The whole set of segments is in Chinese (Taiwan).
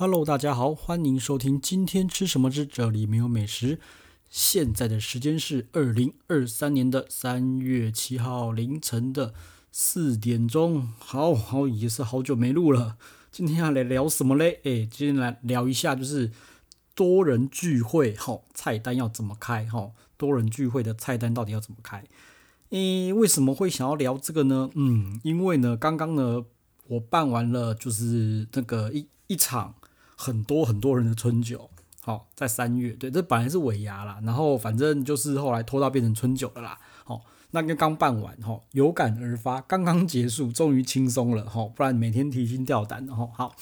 Hello，大家好，歡迎收聽《今天吃什麼之這裡沒有美食》。現在的時間是二零二三年的三月七號凌晨的四點鐘。好好也是好久沒錄了。今天要來聊什麼嘞？誒，今天來聊一下就是多人聚會哈、哦，菜單要怎麼開哈、哦？多人聚會的菜單到底要怎麼開？誒，為什麼會想要聊這個呢？嗯，因為呢，剛剛呢，我辦完了就是那個一一場。很多很多人的春酒，好在三月，對，這本來是尾牙啦，然後反正就是後來拖到變成春酒了啦，好，那就剛辦完，哈，有感而發，剛剛結束，終於輕鬆了，哈，不然每天提心吊膽的，哈，好，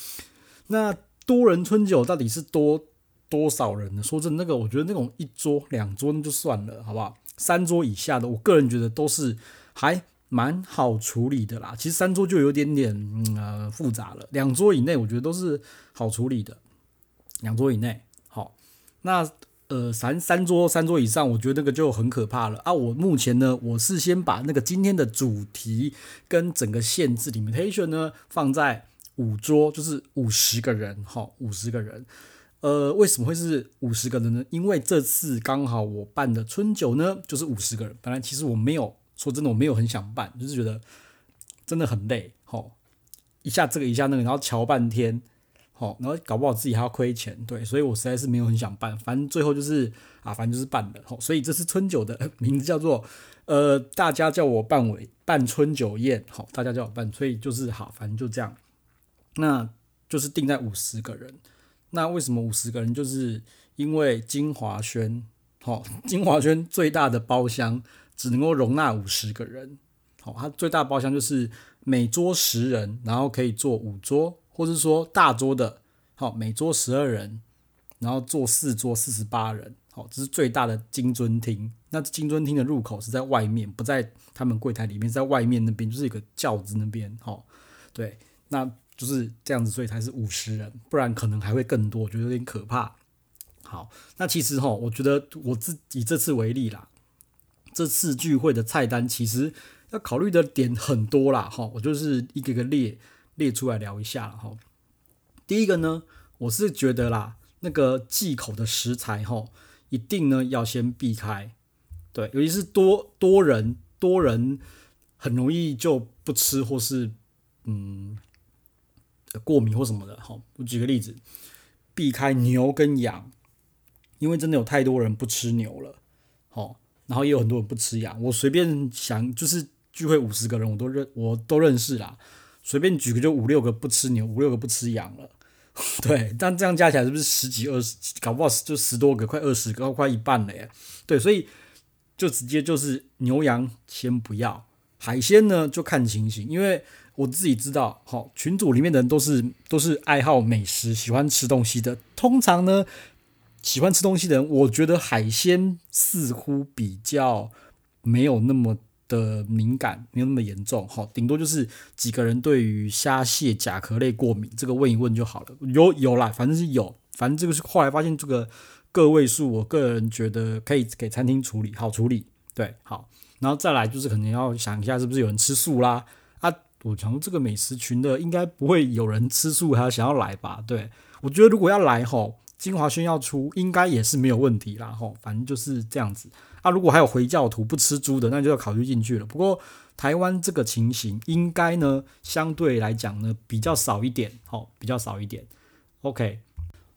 那多人春酒到底是多多少人呢？說真的，那個我覺得那種一桌、兩桌那就算了，好不好？三桌以下的，我個人覺得都是還。Hi 蠻好處理的啦，其實三桌就有點點嗯、呃、複雜了，兩桌以內我覺得都是好處理的，兩桌以內好，那呃三三桌三桌以上，我覺得那個就很可怕了啊！我目前呢，我是先把那個今天的主題跟整個限制 limitation 呢放在五桌，就是五十個人哈，五十個人，呃，為什麼會是五十個人呢？因為這次剛好我辦的春酒呢就是五十個人，本來其實我沒有。說真的，我沒有很想辦，就是覺得真的很累，好、哦，一下這個一下那個，然後瞧半天，好、哦，然後搞不好自己還要虧錢，對，所以我實在是沒有很想辦，反正最後就是啊，反正就是辦的、哦，所以這是春酒的名字叫做，呃，大家叫我辦尾，辦春酒宴，好、哦，大家叫我辦，所以就是好、啊，反正就這樣，那就是定在五十個人，那為什麼五十個人？就是因為晶華軒，好、哦，晶華軒最大的包廂。只能夠容納五十個人，好、哦，它最大包廂就是每桌十人，然後可以坐五桌，或是說大桌的，好、哦，每桌十二人，然後坐四桌四十八人，好、哦，這是最大的金樽廳。那金樽廳的入口是在外面，不在他們櫃台裡面，在外面那邊就是一個轎子那邊，好、哦，對，那就是這樣子，所以才是五十人，不然可能還會更多，我覺得有點可怕。好，那其實哈、哦，我覺得我自以這次為例啦。這次聚會的菜單其實要考慮的點很多啦，哈，我就是一個一個列列出來聊一下了，哈。第一個呢，我是覺得啦，那個忌口的食材，哈，一定呢要先避開，對，尤其是多多人多人很容易就不吃或是嗯過敏或什麼的，哈。我舉個例子，避開牛跟羊，因為真的有太多人不吃牛了。然後也有很多人不吃羊，我隨便想就是聚會五十個人，我都認我都認識啦，隨便舉個就五六個不吃牛，五六個不吃羊了，對，但這樣加起來是不是十幾二十，搞不好就十多個，快二十個，快一半了耶，對，所以就直接就是牛羊先不要，海鮮呢就看情形，因為我自己知道、哦，好群組裡面的人都是都是愛好美食，喜歡吃東西的，通常呢。喜歡吃東西的人，我覺得海鮮似乎比較沒有那麼的敏感，沒有那麼嚴重。好，頂多就是幾個人對於蝦蟹甲殼類過敏，這個問一問就好了。有有啦，反正是有，反正這個是後來發現這個個位數。我個人覺得可以給餐廳處理，好處理。對，好，然後再來就是可能要想一下，是不是有人吃素啦？啊，我從這個美食群的應該不會有人吃素，還要想要來吧？對，我覺得如果要來哈。晶華軒要出，應該也是沒有問題啦，吼、哦，反正就是這樣子。啊，如果還有回教徒不吃豬的，那就要考慮進去了。不過台灣這個情形應，應該呢相對來講呢比較少一點，吼、哦，比較少一點。OK，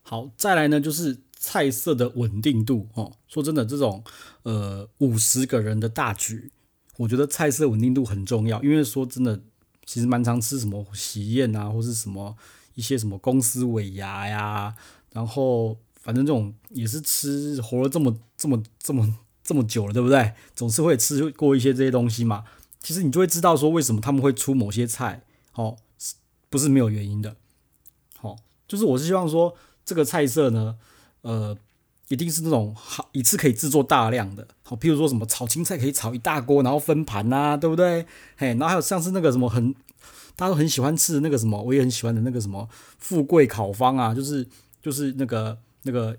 好，再來呢就是菜色的穩定度，吼、哦，說真的，這種呃五十個人的大局，我覺得菜色穩定度很重要，因為說真的，其實蠻常吃什麼喜宴啊，或是什麼一些什麼公司尾牙呀、啊。然後反正這種也是吃活了這麼這麼這麼這麼久了，對不對？總是會吃過一些這些東西嘛。其實你就會知道說為什麼他們會出某些菜，哦，不是沒有原因的。好、哦，就是我是希望說這個菜色呢，呃，一定是那種好一次可以製作大量的。好、哦，譬如說什麼炒青菜可以炒一大鍋，然後分盤吶、啊，對不對？嘿，然後還有上次那個什麼很大家都很喜歡吃的那個什麼，我也很喜歡的那個什麼富貴烤方啊，就是。就是那個那個，誒、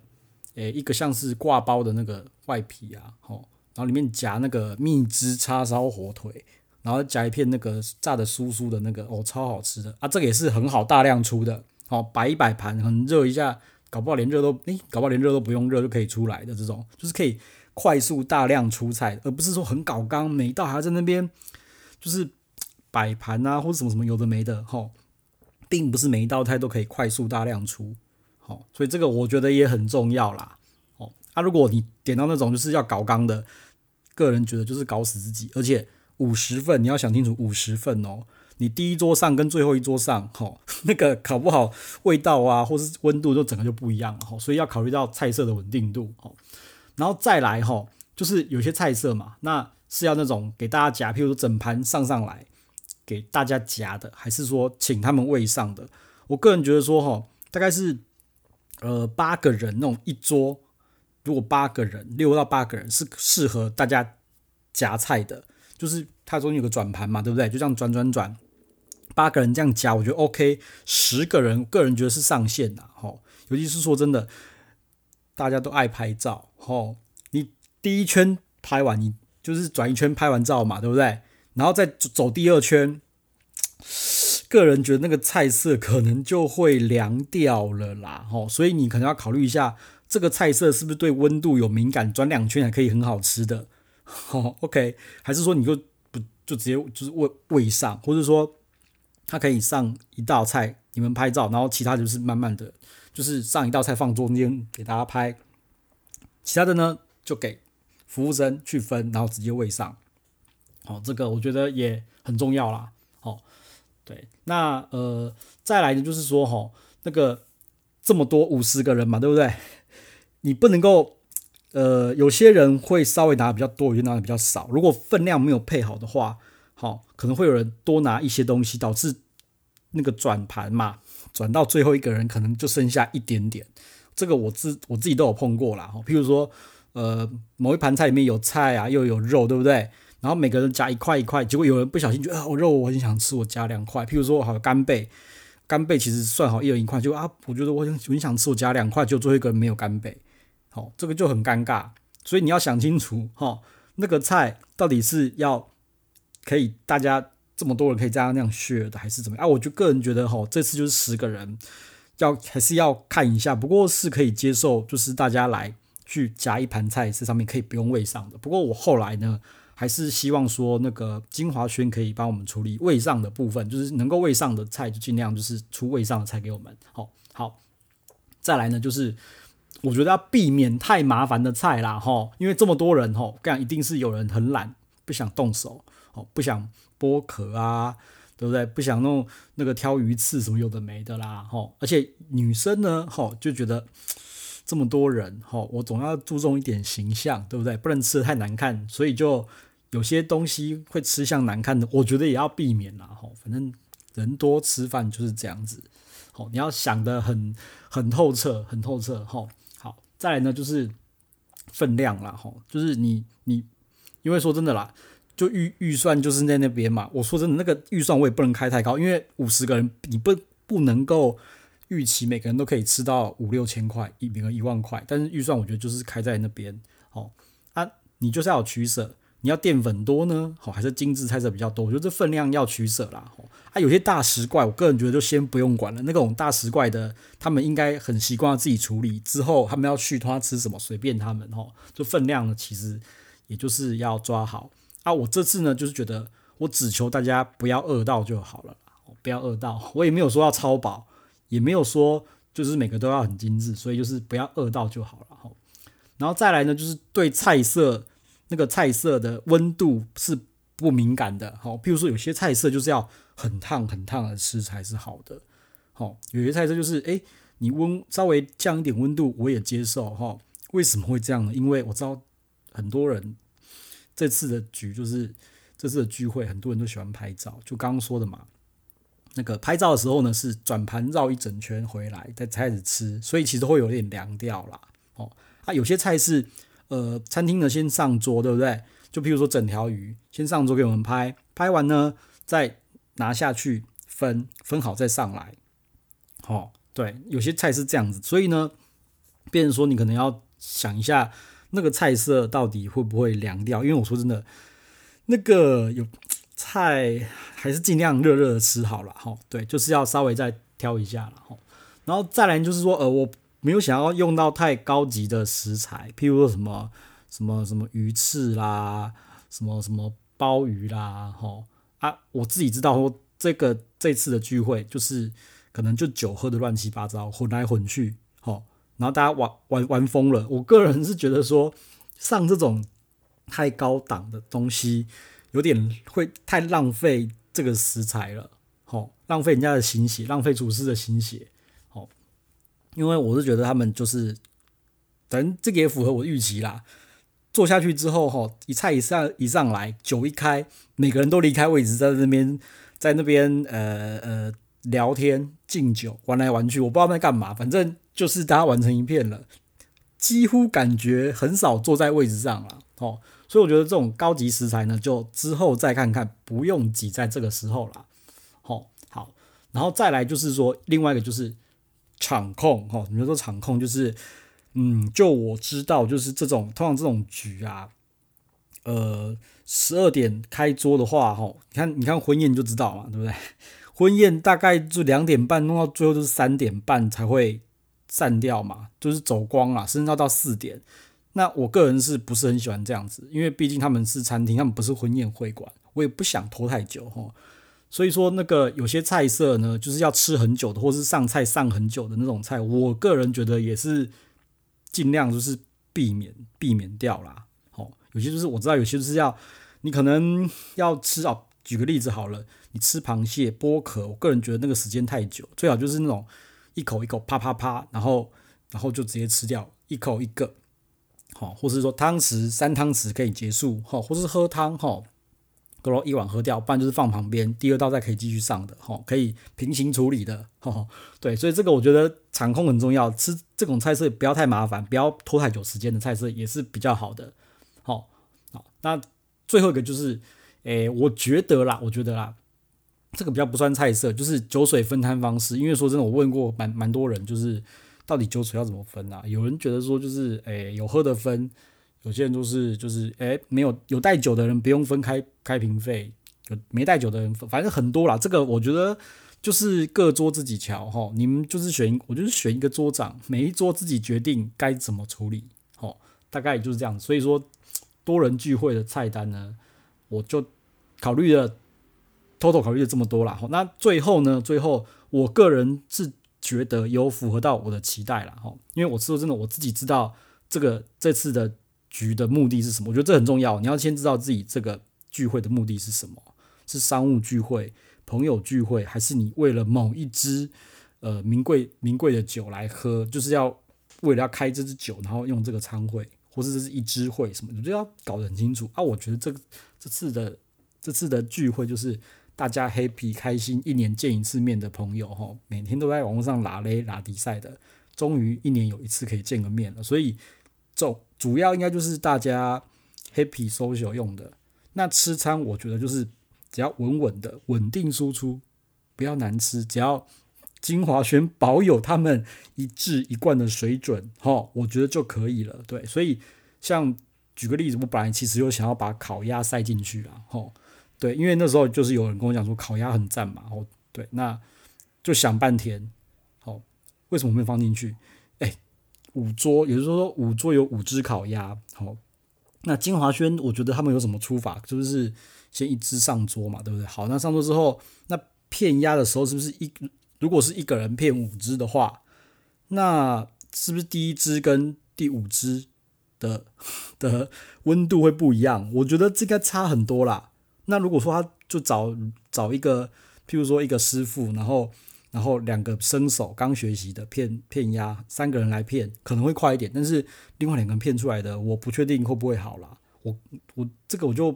欸，一個像是掛包的那個外皮啊，好、哦，然後裡面夾那個蜜汁叉燒火腿，然後夾一片那個炸的酥酥的那個，哦，超好吃的啊！這個也是很好大量出的，好、哦、擺一擺盤，很熱一下，搞不好連熱都誒、欸，搞不好連熱都不用熱就可以出來的這種，就是可以快速大量出菜，而不是說很搞剛每一道還在那邊就是擺盤啊或者什麼什麼有的沒的，哦，並不是每一道菜都可以快速大量出。哦，所以這個我覺得也很重要啦。哦，那如果你點到那種就是要搞剛的，個人覺得就是搞死自己。而且五十份你要想清楚，五十份哦，你第一桌上跟最後一桌上，哦，那個搞不好味道啊，或是溫度都整個就不一樣。哦，所以要考慮到菜色的穩定度。哦，然後再來，哈，就是有些菜色嘛，那是要那種給大家夾，譬如說整盤上上來給大家夾的，還是說請他們位上的？我個人覺得說，哈，大概是。呃，八個人那種一桌，如果八個人，六到八個人是適合大家夾菜的，就是它中間有個轉盤嘛，對不對？就這樣轉轉轉，八個人這樣夾，我覺得 OK。十個人，個人覺得是上限了，吼。尤其是說真的，大家都愛拍照，吼，你第一圈拍完，你就是轉一圈拍完照嘛，對不對？然後再走第二圈。個人覺得那個菜色可能就會涼掉了啦，哦，所以你可能要考慮一下，這個菜色是不是對溫度有敏感，轉兩圈還可以很好吃的，哦 OK，還是說你就不就直接就是餵餵上，或者說他可以上一道菜，你們拍照，然後其他就是慢慢的，就是上一道菜放中間給大家拍，其他的呢就給服務生去分，然後直接餵上，哦，這個我覺得也很重要啦，哦。對，那呃，再來呢，就是說哈、哦，那個這麼多五十個人嘛，對不對？你不能夠呃，有些人會稍微拿得比較多，有些拿得比較少。如果分量沒有配好的話，好、哦，可能會有人多拿一些東西，導致那個轉盤嘛，轉到最後一個人可能就剩下一點點。這個我自我自己都有碰過了、哦，譬如說，呃，某一盤菜裡面有菜啊，又有肉，對不對？然後每個人夾一塊一塊，結果有人不小心覺得啊，我肉，我很想吃，我夾兩塊。譬如說好干貝，干貝其實算好一人一塊，就啊，我覺得我很很想吃，我夾兩塊，就最後一個人沒有干貝，好、哦，這個就很尷尬。所以你要想清楚哈、哦，那個菜到底是要可以大家這麼多人可以這樣那樣 share 的，還是怎麼樣、啊？我就個人覺得哈、哦，這次就是十個人要還是要看一下，不過是可以接受，就是大家來去夾一盤菜，是上面可以不用位上的。不過我後來呢。還是希望說那個晶華軒可以幫我們處理位上的部分，就是能夠位上的菜就盡量就是出位上的菜給我們。好好，再來呢，就是我覺得要避免太麻煩的菜啦，哈，因為這麼多人吼，這樣一定是有人很懶，不想動手，哦，不想剝殼啊，對不對？不想弄那個挑魚刺什麼有的沒的啦，哈，而且女生呢，哈，就覺得這麼多人，哈，我總要注重一點形象，對不對？不能吃得太難看，所以就。有些東西會吃相難看的，我覺得也要避免啦。吼、哦，反正人多吃飯就是這樣子。好、哦，你要想得很很透徹，很透徹。吼、哦，好，再來呢，就是分量啦。吼、哦，就是你你，因為說真的啦，就預預算就是在那邊嘛。我說真的，那個預算我也不能開太高，因為五十個人你不不能夠預期每個人都可以吃到五六千塊，一比一萬塊。但是預算我覺得就是開在那邊。哦，啊，你就是要有取捨。你要澱粉多呢，好，還是精緻菜色比較多？我覺得這分量要取捨啦，啊有些大食怪，我個人覺得就先不用管了。那種大食怪的，他們應該很習慣自己處理，之後他們要去他要吃什麼隨便他們，哦，就分量呢，其實也就是要抓好。啊，我這次呢就是覺得，我只求大家不要餓到就好了，哦，不要餓到，我也沒有說要超飽，也沒有說就是每個都要很精緻，所以就是不要餓到就好了，哦，然後再來呢就是對菜色。那個菜色的溫度是不敏感的，好，譬如說有些菜色就是要很燙、很燙的吃才是好的，好，有些菜色就是，誒，你溫稍微降一點溫度我也接受，哈，為什麼會這樣呢？因為我知道很多人這次的局就是這次的聚會，很多人都喜歡拍照，就剛剛說的嘛，那個拍照的時候呢是轉盤繞一整圈回來再開始吃，所以其實會有點涼掉啦。哦，啊，有些菜是。呃，餐廳呢先上桌，對不對？就比如說整條魚，先上桌給我們拍，拍完呢再拿下去分，分好再上來。哦，對，有些菜是這樣子，所以呢，變成說你可能要想一下那個菜色到底會不會涼掉，因為我說真的，那個有菜還是盡量熱熱的吃好了。吼、哦，對，就是要稍微再挑一下了、哦。然後再來就是說，呃，我。沒有想要用到太高級的食材，譬如說什麼什麼什麼魚翅啦，什麼什麼鮑魚啦，吼、哦、啊！我自己知道說這個這次的聚會就是可能就酒喝得亂七八糟，混來混去，吼、哦，然後大家玩玩玩瘋了。我個人是覺得說，上這種太高檔的東西，有點會太浪費這個食材了，吼、哦，浪費人家的心血，浪費廚師的心血。因為我是覺得他們就是，反正這個也符合我預期啦。坐下去之後哈、哦，一菜一上一上來，酒一開，每個人都離開位置在，在那邊在那邊呃呃聊天敬酒玩來玩去，我不知道在幹嘛，反正就是大家玩成一片了，幾乎感覺很少坐在位置上了哦。所以我覺得這種高級食材呢，就之後再看看，不用擠在這個時候了。哦，好，然後再來就是說另外一個就是。場控哈，你們說場控，就是，嗯，就我知道，就是這種通常這種局啊，呃，十二點開桌的話，哈、哦，你看你看婚宴就知道嘛，對不對？婚宴大概就兩點半弄到最後就是三點半才會散掉嘛，就是走光了、啊，甚至要到四點。那我個人是不是很喜歡這樣子，因為畢竟他們是餐廳，他們不是婚宴會館，我也不想拖太久哈。哦所以說，那個有些菜色呢，就是要吃很久的，或是上菜上很久的那種菜，我個人覺得也是盡量就是避免避免掉啦。好、哦，有些就是我知道，有些就是要你可能要吃啊、哦，舉個例子好了，你吃螃蟹剝殼，我個人覺得那個時間太久，最好就是那種一口一口啪啪啪，然後然後就直接吃掉一口一個，好、哦，或是說湯匙三湯匙可以結束，好、哦，或是喝湯哈。哦搞一碗喝掉，不然就是放旁邊。第二道再可以繼續上的，吼，可以平行處理的，吼，對，所以這個我覺得場控很重要。吃這種菜色不要太麻煩，不要拖太久時間的菜色也是比較好的。好，好，那最後一個就是，誒、欸，我覺得啦，我覺得啦，這個比較不算菜色，就是酒水分攤方式。因為說真的，我問過蠻蠻多人，就是到底酒水要怎麼分啊？有人覺得說就是，誒、欸，有喝的分；有些人就是就是，誒、欸，沒有有帶酒的人不用分開。開瓶費沒帶酒的人，反正很多啦。這個我覺得就是各桌自己喬哈。你們就是選，我就是選一個桌長，每一桌自己決定該怎麼處理。哈，大概也就是這樣。所以說，多人聚會的菜單呢，我就考慮了，偷偷考慮了這麼多了。那最後呢，最後我個人是覺得有符合到我的期待了。哈，因為我說真的，我自己知道這個這次的局的目的是什麼。我覺得這很重要，你要先知道自己這個。聚會的目的是什麼？是商務聚會、朋友聚會，還是你為了某一支呃名貴名貴的酒來喝？就是要為了要開這支酒，然後用這個餐會，或是這是一支會什麼？你就要搞得很清楚啊！我覺得這個這次的這次的聚會就是大家 happy 開心，一年見一次面的朋友哈，每天都在網絡上拉勒拉比賽的，終於一年有一次可以見個面了，所以就主要應該就是大家 happy social 用的。那吃餐我覺得就是只要穩穩的、穩定輸出，不要難吃，只要晶華軒保有他們一致一貫的水準，哈，我覺得就可以了。對，所以像舉個例子，我本來其實又想要把烤鴨塞進去啊，哈，對，因為那時候就是有人跟我講說烤鴨很讚嘛，對，那就想半天，好，為什麼我沒有放進去？哎、欸，五桌，也就是說五桌有五隻烤鴨，好。那晶華軒，我覺得他們有什麼出法？是不是先一只上桌嘛，對不對？好，那上桌之後，那片鴨的時候，是不是一如果是一個人片五只的話，那是不是第一只跟第五只的的溫度會不一樣？我覺得這應該差很多啦。那如果說他就找找一個，譬如說一個師傅，然後。然後兩個生手剛學習的片片鴨，三個人來片可能會快一點，但是另外兩個人片出來的，我不確定會不會好啦。我我這個我就，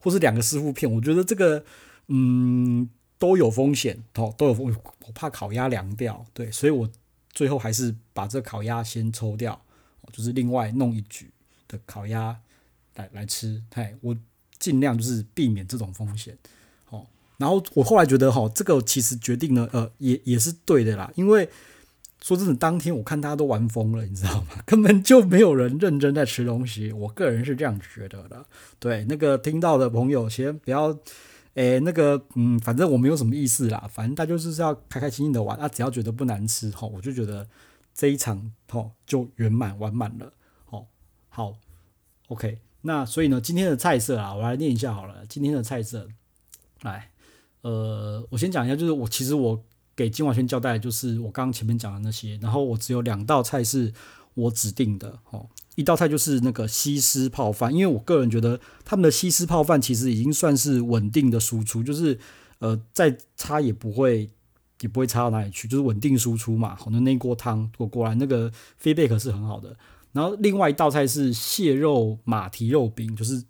或是兩個師傅片，我覺得這個嗯都有風險，哦，都有風險，我怕烤鴨涼掉，對，所以我最後還是把這烤鴨先抽掉，就是另外弄一局的烤鴨來來吃，嗨，我盡量就是避免這種風險。然後我後來覺得、哦，哈，這個其實決定了，呃，也也是對的啦。因為說真的，當天我看大家都玩瘋了，你知道嗎？根本就沒有人認真在吃東西。我個人是這樣覺得的。對那個聽到的朋友，先不要，哎，那個，嗯，反正我沒有什麼意思啦。反正大家就是要開開心心的玩，他、啊、只要覺得不難吃，哈、哦，我就覺得這一場，哈、哦，就圓滿完滿了，哦，好，OK。那所以呢，今天的菜色啊，我來念一下好了。今天的菜色，來。呃，我先講一下，就是我其實我給晶華軒交代，就是我剛剛前面講的那些，然後我只有兩道菜是我指定的，哦，一道菜就是那個西施泡飯，因為我個人覺得他們的西施泡飯其實已經算是穩定的輸出，就是呃再差也不會也不會差到哪裡去，就是穩定輸出嘛。好，那那一鍋湯果果然那個 feedback 是很好的，然後另外一道菜是蟹肉馬蹄肉餅，就是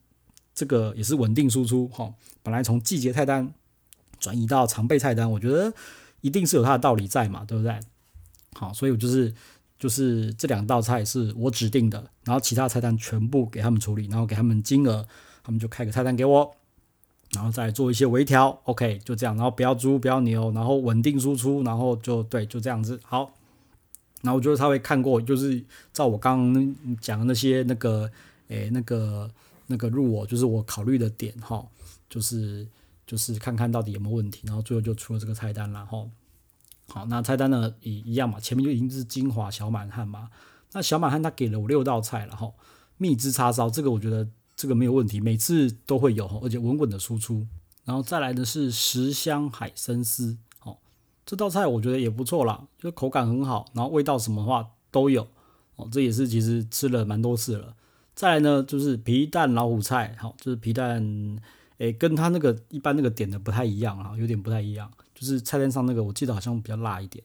這個也是穩定輸出，哈，本來從季節菜單。轉移到常備菜單，我覺得一定是有它的道理在嘛，對不對？好，所以我就是就是這兩道菜是我指定的，然後其他菜單全部給他們處理，然後給他們金額，他們就開個菜單給我，然後再做一些微調，OK，就這樣，然後不要豬，不要牛，然後穩定輸出，然後就對，就這樣子。好，然後就是他會看過，就是照我剛剛講的那些那個，誒，那個那個入我就是我考慮的點哈，就是。就是看看到底有沒有問題，然後最後就出了這個菜單啦吼。好，那菜單呢也一樣嘛，前面就已經是晶華小滿漢嘛。那小滿漢他給了我六道菜了吼。蜜汁叉燒，這個我覺得這個沒有問題，每次都會有而且穩穩的輸出。然後再來的是十香海參絲，哦，這道菜我覺得也不錯啦，就口感很好，然後味道什麼的話都有哦。這也是其實吃了蠻多次了。再來呢就是皮蛋老虎菜，好，就是皮蛋。誒，欸、跟他那個一般那個點的不太一樣啊，有點不太一樣。就是菜單上那個，我記得好像比較辣一點。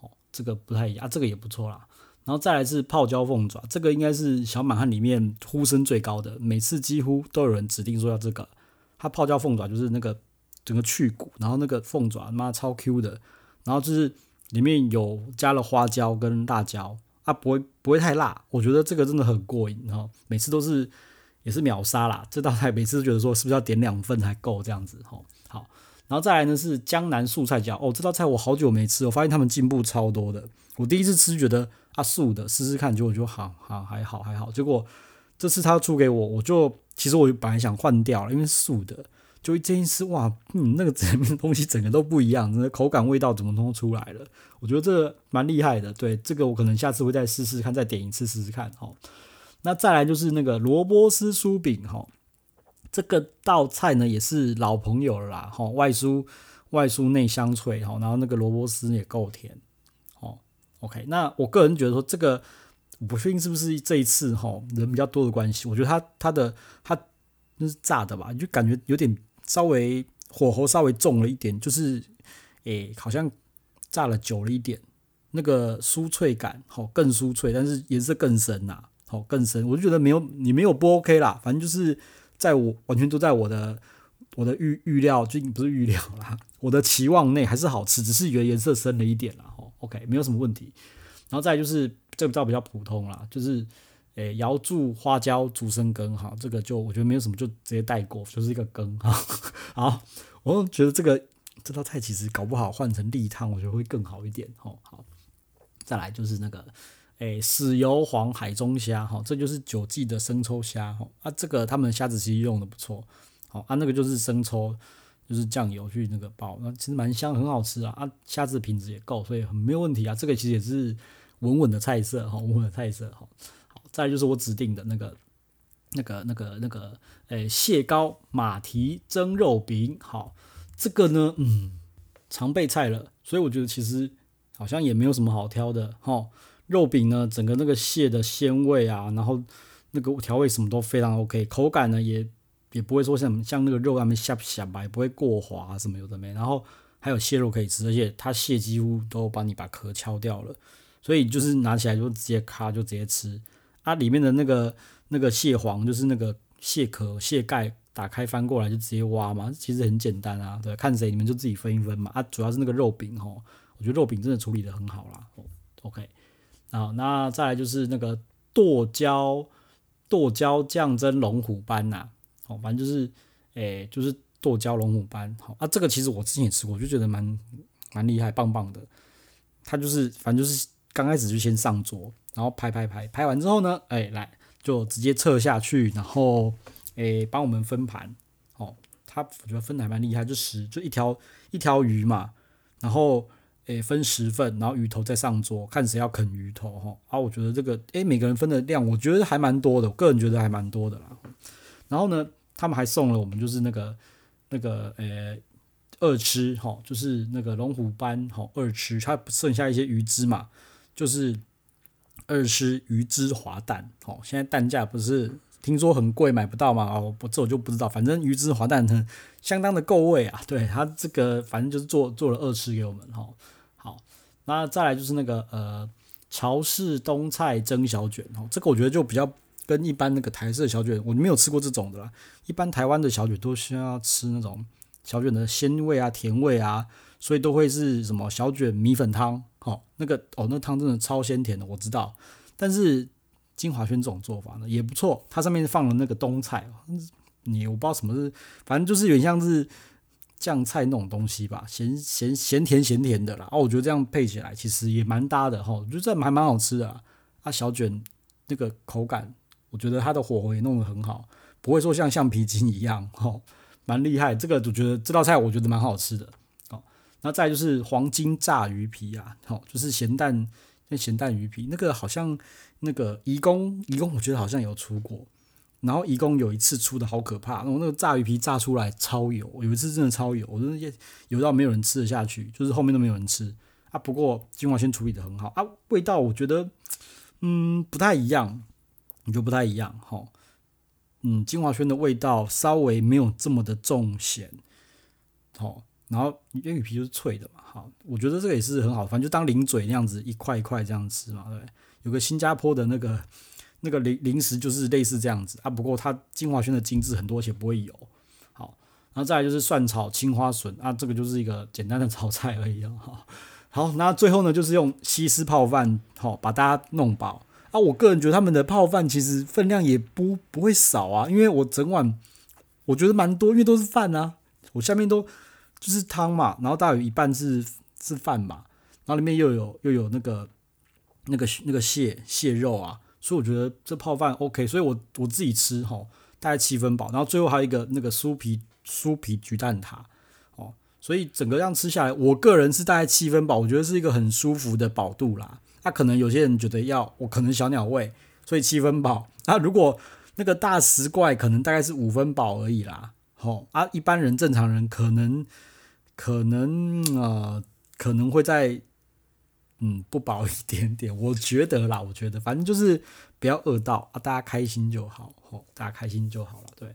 哦，這個不太一樣、啊、這個也不錯啦。然後再來是泡椒鳳爪，這個應該是小滿漢裡面呼聲最高的，每次幾乎都有人指定說要這個。它泡椒鳳爪就是那個整個去骨，然後那個鳳爪媽超 Q 的，然後就是裡面有加了花椒跟辣椒，啊不會不會太辣，我覺得這個真的很過癮，然後每次都是。也是秒殺啦，這道菜，每次都覺得說是不是要點兩份才夠這樣子哈。好，然後再來呢是江南素菜餃。哦，這道菜我好久沒吃，我發現他們進步超多的。我第一次吃就覺得啊素的，試試看，結果就好好還好還好。結果這次他出給我，我就其實我本來想換掉了，因為素的，就這一次哇，嗯，那個、整個東西整個都不一樣，那口感味道怎麼都出來了，我覺得這蠻厲害的。對，這個我可能下次會再試試看，再點一次試試看哈。哦那再來就是那個蘿蔔絲酥餅哈，這個道菜呢也是老朋友了啦哈，外酥外酥內香脆哈，然後那個蘿蔔絲也夠甜哦。OK，那我個人覺得說這個，我不確定是不是這一次哈人比較多的關係，我覺得它它的它那是炸的吧，就感覺有點稍微火候稍微重了一點，就是誒、欸、好像炸了久了一點，那個酥脆感好更酥脆，但是顏色更深啦、啊。更深，我就覺得沒有你沒有不 OK 啦，反正就是在我完全都在我的我的預預料，就不是預料啦，我的期望內還是好吃，只是原顏色深了一點啦。哈，OK，沒有什麼問題。然後再就是這道比較普通啦，就是誒瑤柱花椒竹蓀羹，哈，這個就我覺得沒有什麼，就直接帶過，就是一個羹哈。好，我覺得這個這道菜其實搞不好換成例湯，我覺得會更好一點。哈，好，再來就是那個。誒，豉油黃海中蝦，哈、哦，這就是九記的生抽蝦，哈、哦，啊，這個他們蝦子其實用的不錯，好、哦、啊，那個就是生抽，就是醬油去那個爆，那、啊、其實蠻香，很好吃啊，啊，蝦子品質也夠，所以很沒有問題啊，這個其實也是穩穩的菜色，好、哦、穩穩的菜色，哦、好，再來就是我指定的那個、那個、那個、那個，誒，蟹膏馬蹄蒸肉餅，好、哦，這個呢，嗯，常備菜了，所以我覺得其實好像也沒有什麼好挑的，哈、哦。肉餅呢，整個那個蟹的鮮味啊，然後那個調味什麼都非常 OK，口感呢也也不會說像像那個肉那麼下不下白，也不會過滑、啊、什麼有的沒，然後還有蟹肉可以吃，而且它蟹幾乎都幫你把殼敲掉了，所以就是拿起來就直接咔就直接吃，啊裡面的那個那個蟹黃就是那個蟹殼蟹蓋打開翻過來就直接挖嘛，其實很簡單啊，對，看誰你們就自己分一分嘛，啊主要是那個肉餅吼、哦，我覺得肉餅真的處理得很好啦、哦、，OK。好，那再來就是那個剁椒，剁椒醬蒸龍虎斑吶、啊，哦，反正就是，誒、欸，就是剁椒龍虎斑。好，啊，這個其實我之前也吃過，我就覺得蠻，蠻厲害，棒棒的。他就是，反正就是剛開始就先上桌，然後拍拍拍，拍完之後呢，哎、欸，來就直接撤下去，然後，誒、欸，幫我們分盤。哦，他我覺得分得還蠻厲害，就十，就一條一條魚嘛，然後。誒，分十份，然後魚頭再上桌，看誰要啃魚頭哈、哦。啊，我覺得這個誒，每個人分的量，我覺得還蠻多的，我個人覺得還蠻多的啦。然後呢，他們還送了我們就是那個那個誒，二吃哈、哦，就是那個龍虎斑哈、哦，二吃，它剩下一些魚汁嘛，就是二吃魚汁滑蛋，哦，現在蛋價不是。聽說很貴，買不到嗎？哦，不，這我就不知道。反正魚汁滑蛋很相當的夠味啊，對它這個反正就是做做了二次給我們哈、哦。好，那再來就是那個呃，潮式冬菜蒸小卷哦，這個我覺得就比較跟一般那個台式小卷，我沒有吃過這種的啦。一般台灣的小卷都需要吃那種小卷的鮮味啊、甜味啊，所以都會是什麼小卷米粉湯，好、哦、那個哦，那湯真的超鮮甜的，我知道，但是。晶華軒這種做法呢，也不錯，它上面放了那個冬菜你、嗯、我不知道什麼是，反正就是有點像是醬菜那種東西吧，鹹鹹鹹甜鹹甜的啦。哦，我覺得這樣配起來其實也蠻搭的、哦、我覺得這還蠻好吃的。它、啊、小卷那個口感，我覺得它的火候也弄得很好，不會說像橡皮筋一樣蠻厲、哦、害。這個我覺得這道菜我覺得蠻好吃的。哦，那再就是黃金炸魚皮啊，哦，就是鹹蛋那鹹蛋魚皮那個好像。那個頤宮，頤宮，我覺得好像有出過，然後頤宮有一次出的好可怕，然後那個炸魚皮炸出來超油，有一次真的超油，我真的也油到沒有人吃得下去，就是後面都沒有人吃啊。不過晶華軒處理得很好啊，味道我覺得，嗯，不太一樣，你就不太一樣哈。嗯，晶華軒的味道稍微沒有這麼的重鹹，哦，然後魚皮就是脆的嘛，好，我覺得這個也是很好，反正就當零嘴那樣子一塊一塊這樣吃嘛，對。有個新加坡的那個那個零零食，就是類似這樣子啊。不過它晶華軒的精緻很多，且不會有好。然後再來就是蒜炒青花筍啊，這個就是一個簡單的炒菜而已哈。好，那最後呢就是用西施泡飯，好、哦、把大家弄飽啊。我個人覺得他們的泡飯其實分量也不不會少啊，因為我整碗我覺得蠻多，因為都是飯啊。我下面都就是湯嘛，然後大約有一半是是飯嘛，然後裡面又有又有那個。那個那個蟹蟹肉啊，所以我覺得這泡飯 OK，所以我我自己吃吼，大概七分飽。然後最後還有一個那個酥皮酥皮焗蛋撻哦，所以整個這樣吃下來，我個人是大概七分飽，我覺得是一個很舒服的飽度啦。那、啊、可能有些人覺得要我可能小鳥胃，所以七分飽。那、啊、如果那個大食怪可能大概是五分飽而已啦，吼啊，一般人正常人可能可能啊、呃、可能會在。嗯，不薄一點點，我覺得啦，我覺得反正就是不要餓到啊，大家開心就好吼、哦，大家開心就好了，對。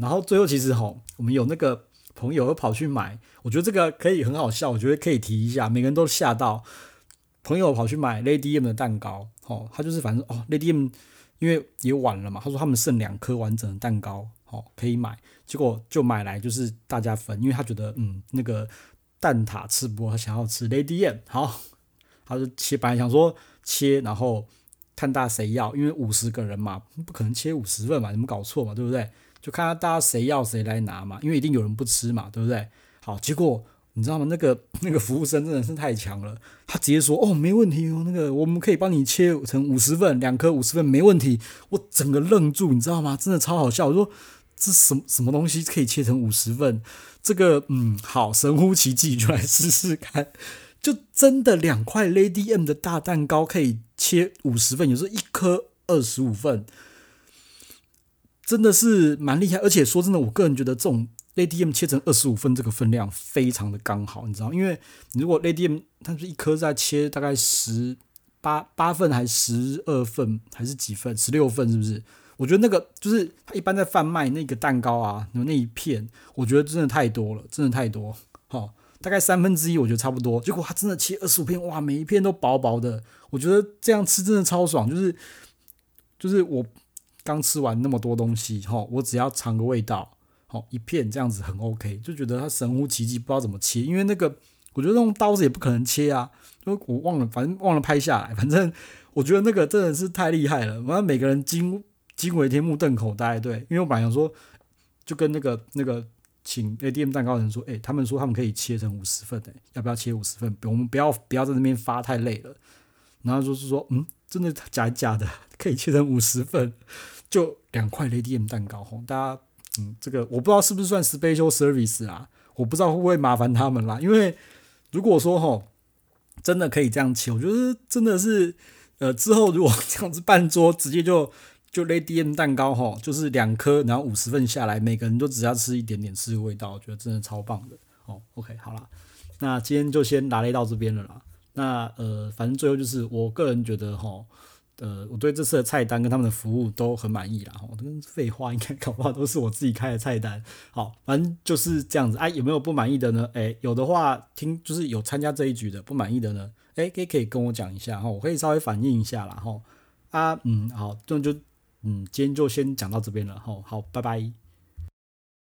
然後最後其實吼、哦，我們有那個朋友跑去買，我覺得這個可以很好笑，我覺得可以提一下，每個人都嚇到。朋友跑去買 Lady M 的蛋糕，吼、哦，他就是反正哦，Lady M 因為也晚了嘛，他說他們剩兩顆完整的蛋糕，好、哦，可以買，結果就買來就是大家分，因為他覺得嗯，那個蛋撻吃不過，他想要吃 Lady M，好。他就切半，想說切，然後看大家誰要，因為五十個人嘛，不可能切五十份嘛，你們搞錯嘛，對不對？就看看大家誰要誰來拿嘛，因為一定有人不吃嘛，對不對？好，結果你知道嗎？那個那個服務生真的是太強了，他直接說：“哦，沒問題哦，那個我們可以幫你切成五十份，兩顆五十份沒問題。”我整個愣住，你知道嗎？真的超好笑。我說這什麼什麼東西可以切成五十份？這個嗯，好神乎其技，就來試試看。 就真的兩塊 Lady M 的大蛋糕可以切五十份，有時候一顆二十五份，真的是蠻厲害。而且說真的，我個人覺得這種 Lady M 切成二十五份，這個分量非常的剛好，你知道？因為你如果 Lady M 它是一顆在切大概十八八份，還十二份，還是幾份？十六份是不是？我覺得那個就是他一般在販賣那個蛋糕啊，那那一片，我覺得真的太多了，真的太多，好。大概三分之一，我覺得差不多。結果他真的切二十五片，哇，每一片都薄薄的，我覺得這樣吃真的超爽。就是，就是我剛吃完那麼多東西，齁，我只要嚐個味道，好一片，這樣子很 OK，就覺得它神乎其技，不知道怎麼切，因為那個我覺得那種刀子也不可能切啊，就我忘了，反正忘了拍下來，反正我覺得那個真的是太厲害了，反正每個人驚驚為天目瞪口呆，對，因為我本來想說，就跟那個那個。請 A D M 蛋糕的人說，誒、欸，他們說他們可以切成五十份，哎，要不要切五十份？我們不要不要在那邊發太累了。然後就是說，嗯，真的假假的，可以切成五十份，就兩塊 A D M 蛋糕。吼，大家，嗯，這個我不知道是不是算 special service 啦、啊，我不知道會不會麻煩他們啦。因為如果說吼，真的可以這樣切，我覺得真的是，呃，之後如果這樣子辦桌，直接就。就 Lady M 蛋糕吼、哦，就是兩顆，然後五十份下來，每個人都只要吃一點點，吃味道，我覺得真的超棒的哦。OK，好了，那今天就先拿勒到這邊了啦。那呃，反正最後就是我個人覺得吼，呃，我對這次的菜單跟他們的服務都很滿意啦。吼、哦，這個廢話，應該搞不好都是我自己開的菜單。好、哦，反正就是這樣子。哎、啊，有沒有不滿意的呢？哎，有的話聽就是有參加這一局的不滿意的呢？哎，可以可以跟我講一下哈、哦，我可以稍微反映一下啦哈、哦。啊，嗯，好，這就。就嗯，今天就先講到這邊了，好好，拜拜。